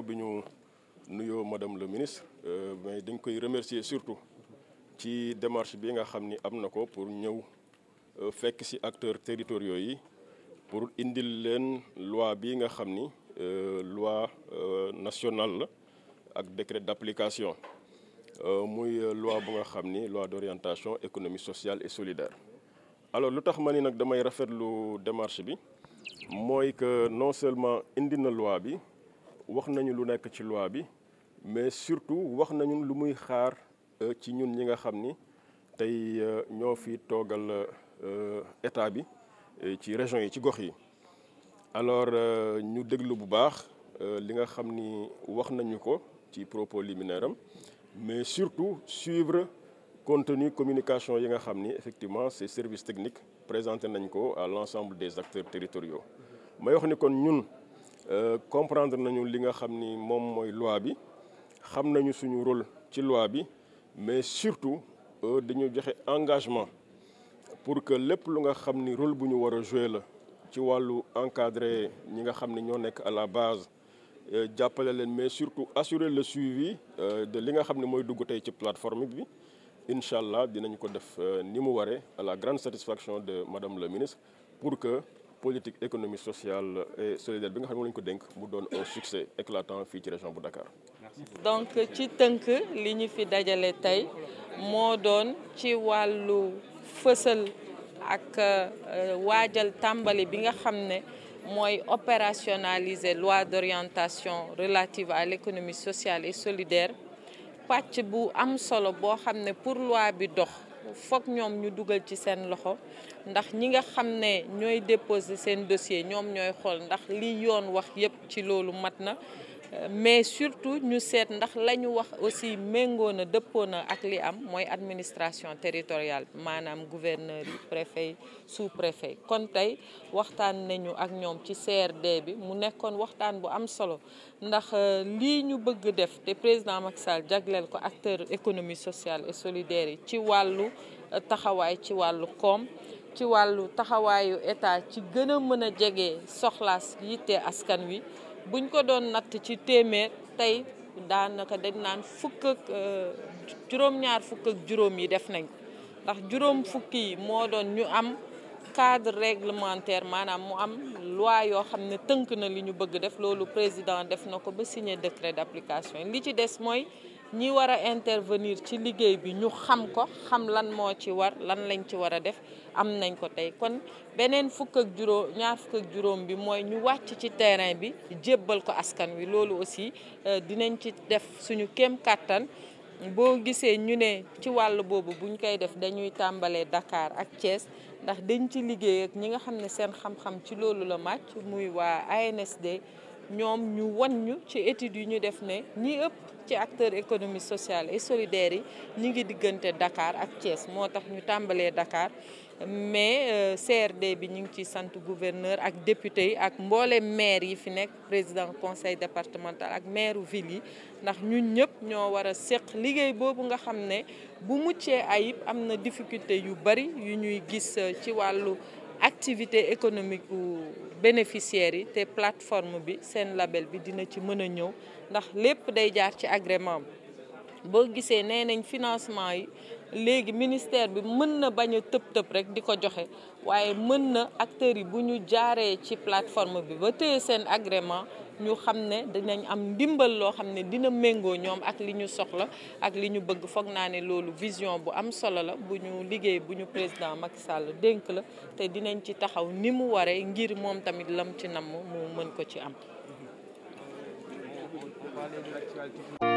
ginnaaw bi ñu nuyoo madame le ministre euh, mais dañ koy remercier surtout ci démarche bi nga xam ni am na ko pour ñëw euh, fekk ci acteurs territoriaux yi pour indil leen loi bi nga xam ni euh, loi nationale la ak décret d'application muy loi bu nga xam ni loi d'orientation économie sociale et solidaire alors lu tax ma ni nag damay rafetlu démarche bi mooy que non seulement indi na loi bi wax nañu lu nekk ci loi bi mais surtout wax nañu lu muy xaar euh, ci ñun ñi nga xam ni tey euh, ñoo fi toogal euh, état bi ci région yi ci gox yi alors ñu déglu bu baax li nga xam ni wax nañu ko ci propos liminaire am mais surtout suivre contenu communication yi nga xam ni effectivement ces services techniques présenté nañ ko à l'ensemble des acteurs territoriaux may wax ni kon ñun Euh, comprendre nañu li nga xam ni moom mooy loi bi xam nañu suñu rôle ci loi bi mais surtout euh, dañu joxe engagement pour que lépp lu nga xam ni rôle bu ñu war a jouer la ci wàllu encadrer ñi nga xam ni ñoo nekk à la base euh, jàppale leen mais surtout assurer la suivi de li nga xam ne mooy dugg tey ci plateforme bi incha allah dinañ ko def ni mu waree à la grande satisfaction de madame la ministre pour que politique économie sociale et solidaire bi nga xam ne ko dénk mu doon un succès éclatant fii ci région bu Dakar. donc ci tënk li ñu fi dajale tey moo doon ci wàllu fësal ak euh, waajal tàmbali bi nga xam ne mooy opérationnaliser loi d'orientation relative à l'économie sociale et solidaire pàcc bu am solo boo xam ne pour loi bi dox. foog ñoom ñu dugal ci seen loxo ndax ñi nga xam ne ñooy déposer seen dossier ñoom ñooy xool ndax li yoon wax yépp ci loolu mat na mais surtout ñu seet ndax lañu wax aussi méngoo na dëppoon na ak li am mooy administration territorial maanaam gouverneur yi préfet yi sous préfet kon tey waxtaan nañu ak ñoom ci CRD bi mu nekkoon waxtaan bu am solo ndax euh, lii ñu bëgg def te président Macky Sall jagleel ko acteur économie sociale et solidaire yi ci wàllu euh, taxawaay ci wàllu koom ci wàllu taxawaayu état ci gën a mën a jege soxlaas yitte askan wi buñ ko doon natt ci téeméer tey daanaka dañ naan fukk ak euh, juróom-ñaar fukk ak juróom yi def nañ ndax juróom fukki yi moo doon ñu am cadre réglementaire maanaam mu am loi yoo xam ne tënk na li ñu bëgg def loolu président def na ko ba signer décret d'application li ci des mooy ñi war a intervenir ci liggéey bi ñu xam ko xam lan moo ci war lan lañ ci war a def am nañ ko tey kon beneen fukk ak juróom ñaar fukk ak juróom bi mooy ñu wàcc ci terrain bi jébbal ko askan wi loolu aussi euh, dinañ ci def suñu kem kàttan boo gisee ñu ne ci wàll boobu buñ koy def dañuy tàmbalee dakaar ak Thiès ndax dañ ci liggéey ñi nga xam ne seen xam-xam ci loolu la màcc muy waa ANSD ñoom ñu wan ñu ci études yu ñu def ne ñi ëpp ci acteur économie sociale et solidaire yi ñu ngi diggante Dakar ak Thiès moo tax ñu tàmbalee Dakar mais euh, CRD bi ñu ngi ciy sant gouverneur ak député yi ak mboolem maire yi fi nekk président conseil départemental ak maire ville yi ndax ñun ñëpp ñoo war a séq liggéey boobu nga xam ne bu muccee ayib am na difficulté yu bari yu ñuy gis euh, ci wàllu activité économique u bénéficiaires yi te plateforme bi seen label bi dina ci mën a ñëw ndax lépp day jaar ci agrément bi boo gisee nee nañ financement yi léegi ministère bi mën na bañ tëb tëb rek di ko joxe waaye mën na acteurs yi bu ñu jaaree ci plateforme bi ba téye seen agrément ñu xam ne dinañ am ndimbal loo xam ne dina méngoo ñoom ak li ñu soxla ak li ñu bëgg foog naa ne loolu vision bu am solo la bu ñu liggéey bu ñu président Macky sàll dénk la te dinañ ci taxaw ni mu waree ngir moom tamit lam ci namm mu mën ko ci am.